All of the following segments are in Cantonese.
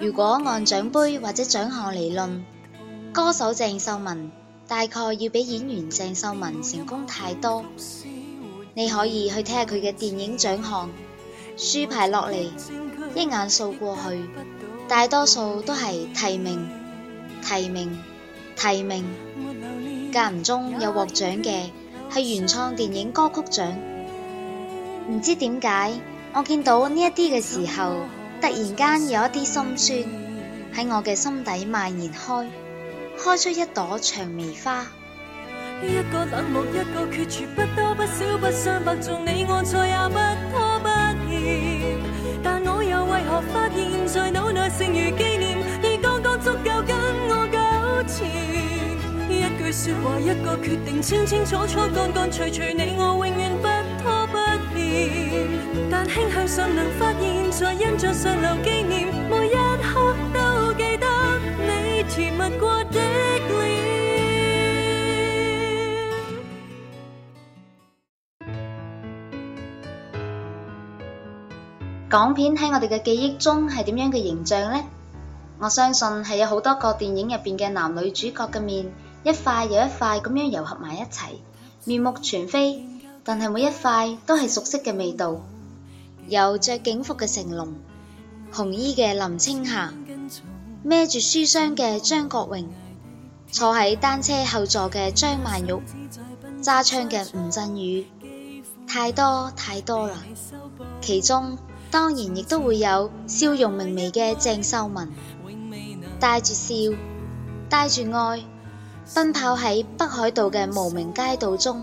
如果按獎盃或者獎項嚟論，歌手鄭秀文大概要比演員鄭秀文成功太多。你可以去睇下佢嘅電影獎項，書牌落嚟一眼掃過去，大多數都係提名、提名、提名，間唔中有獲獎嘅係原創電影歌曲獎。唔知點解，我見到呢一啲嘅時候，突然間有一啲心酸喺我嘅心底蔓延開，開出一朵薔薇花。一個冷漠，一個決絕，不多不少，不相伯仲，你我再也不拖不欠。但我又為何發現，在腦內剩餘紀念，已剛剛足夠跟我糾纏。一句說話，一個決定，清清楚楚，乾乾脆脆，你。港片喺我哋嘅記憶中係點樣嘅形象呢？我相信係有好多個電影入邊嘅男女主角嘅面，一塊又一塊咁樣糅合埋一齊，面目全非，但係每一塊都係熟悉嘅味道。有着警服嘅成龍，紅衣嘅林青霞，孭住書箱嘅張國榮，坐喺單車後座嘅張曼玉，揸槍嘅吳鎮宇，太多太多啦！其中當然亦都會有笑容明媚嘅鄭秀文，帶住笑，帶住愛，奔跑喺北海道嘅無名街道中。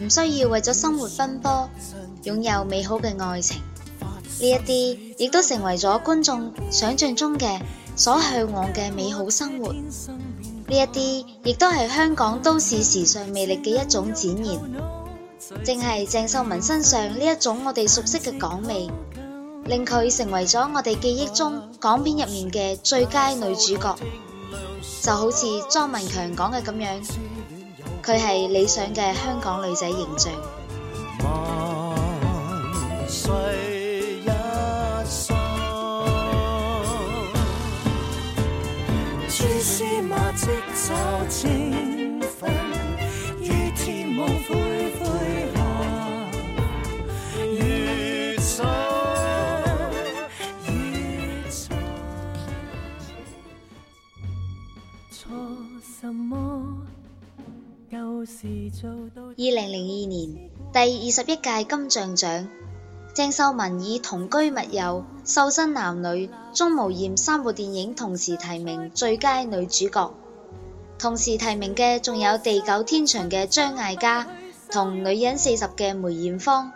唔需要為咗生活奔波，擁有美好嘅愛情，呢一啲亦都成為咗觀眾想象中嘅所向往嘅美好生活。呢一啲亦都係香港都市時尚魅力嘅一種展現。正係鄭秀文身上呢一種我哋熟悉嘅港味，令佢成為咗我哋記憶中港片入面嘅最佳女主角。就好似莊文強講嘅咁樣。佢係理想嘅香港女仔形象。二零零二年第二十一屆金像獎，鄭秀文以《同居密友》、《瘦身男女》、《鍾無艷》三部電影同時提名最佳女主角，同時提名嘅仲有《地久天長》嘅張艾嘉同《女人四十》嘅梅艷芳，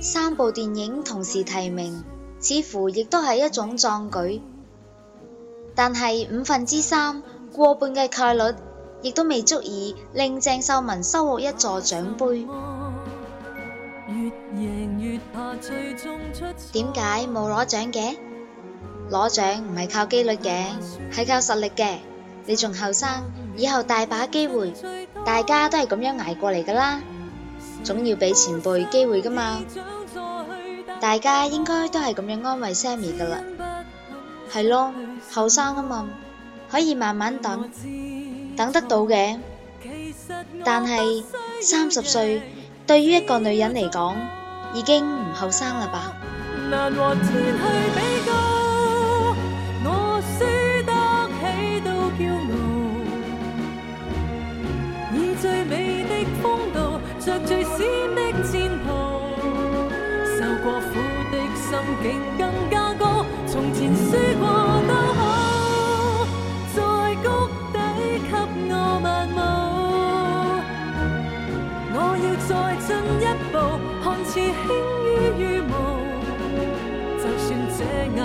三部電影同時提名，似乎亦都係一種壯舉。但係五分之三過半嘅概率。亦都未足以令鄭秀文收穫一座獎杯。點解冇攞獎嘅？攞獎唔係靠機率嘅，係靠實力嘅。你仲後生，以後大把機會，大家都係咁樣挨過嚟噶啦，總要俾前輩機會噶嘛。大家應該都係咁樣安慰 Sammi 噶啦，係咯，後生啊嘛，可以慢慢等。等得到嘅，但係三十歲對於一個女人嚟講，已經唔後生啦吧。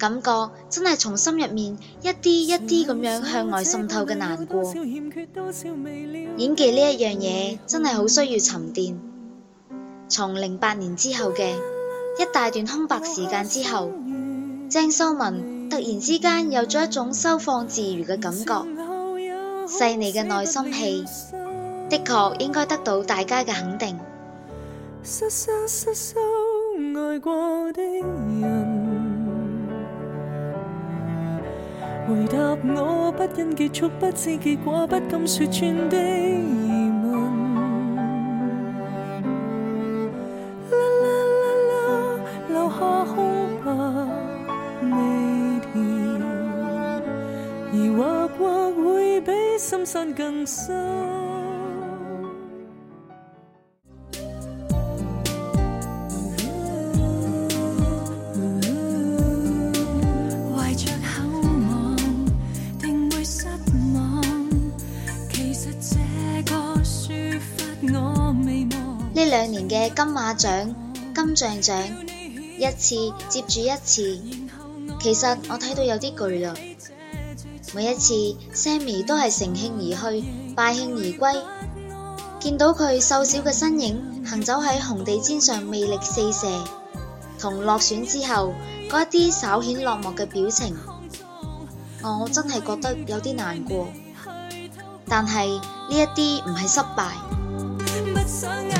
感覺真係從心入面一啲一啲咁樣向外滲透嘅難過。演技呢一樣嘢真係好需要沉澱。從零八年之後嘅一大段空白時間之後，鄭秀文突然之間有咗一種收放自如嘅感覺。細膩嘅內心戲的確應該得到大家嘅肯定。回答我不因結束，不知結果，不敢說穿的疑問。La la la la, 留下空白未填，而划划會比心散更深。嘅金馬獎、金像獎一次接住一次，其實我睇到有啲攰啦。每一次 Sammy 都係乘興而去，敗興而歸。見到佢瘦小嘅身影行走喺紅地氈上，魅力四射，同落選之後嗰一啲稍顯落寞嘅表情，我真係覺得有啲難過。但係呢一啲唔係失敗。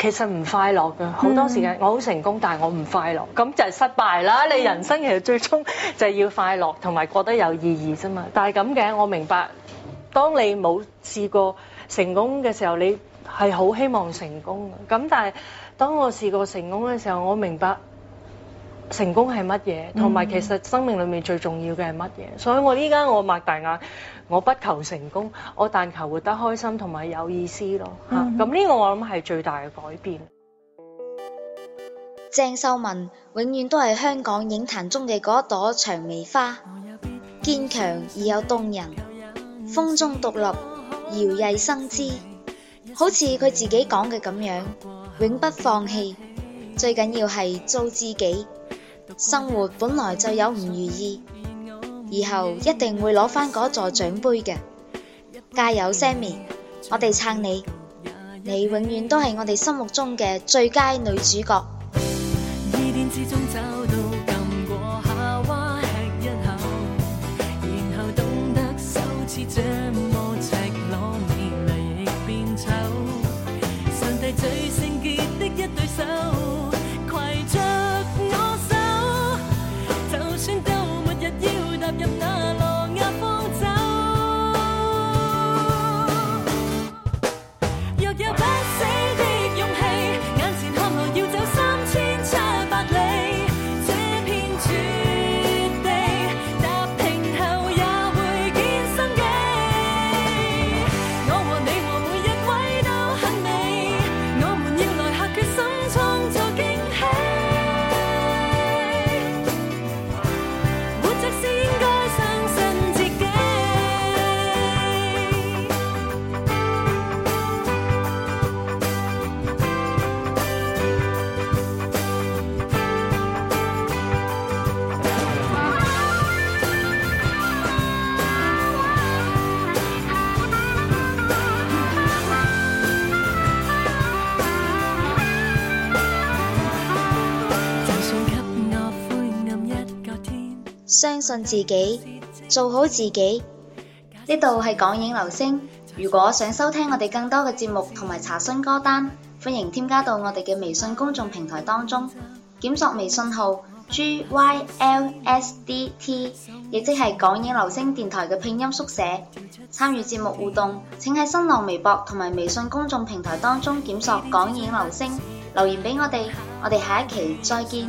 其實唔快樂㗎，好多時間我好成功，但係我唔快樂，咁就係失敗啦。你人生其實最終就係要快樂同埋覺得有意義啫嘛。但係咁嘅，我明白當你冇試過成功嘅時候，你係好希望成功嘅。咁但係當我試過成功嘅時候，我明白。成功係乜嘢？同埋其實生命裏面最重要嘅係乜嘢？所以我依家我擘大眼，我不求成功，我但求活得開心同埋有意思咯。嚇，咁呢個我諗係最大嘅改變。鄭秀文永遠都係香港影壇中嘅嗰一朵薔薇花，堅強而又動人，風中獨立，搖曳生姿，好似佢自己講嘅咁樣，永不放棄。最緊要係做自己。生活本來就有唔如意，以後一定會攞返嗰座獎杯嘅。加油，Sammy，我哋撐你，你永遠都係我哋心目中嘅最佳女主角。相信自己，做好自己。呢度係港影流星。如果想收聽我哋更多嘅節目同埋查詢歌單，歡迎添加到我哋嘅微信公眾平台當中，檢索微信號 gylsdt，亦即係港影流星電台嘅拼音縮寫。參與節目互動，請喺新浪微博同埋微信公眾平台當中檢索港影流星，留言俾我哋。我哋下一期再見。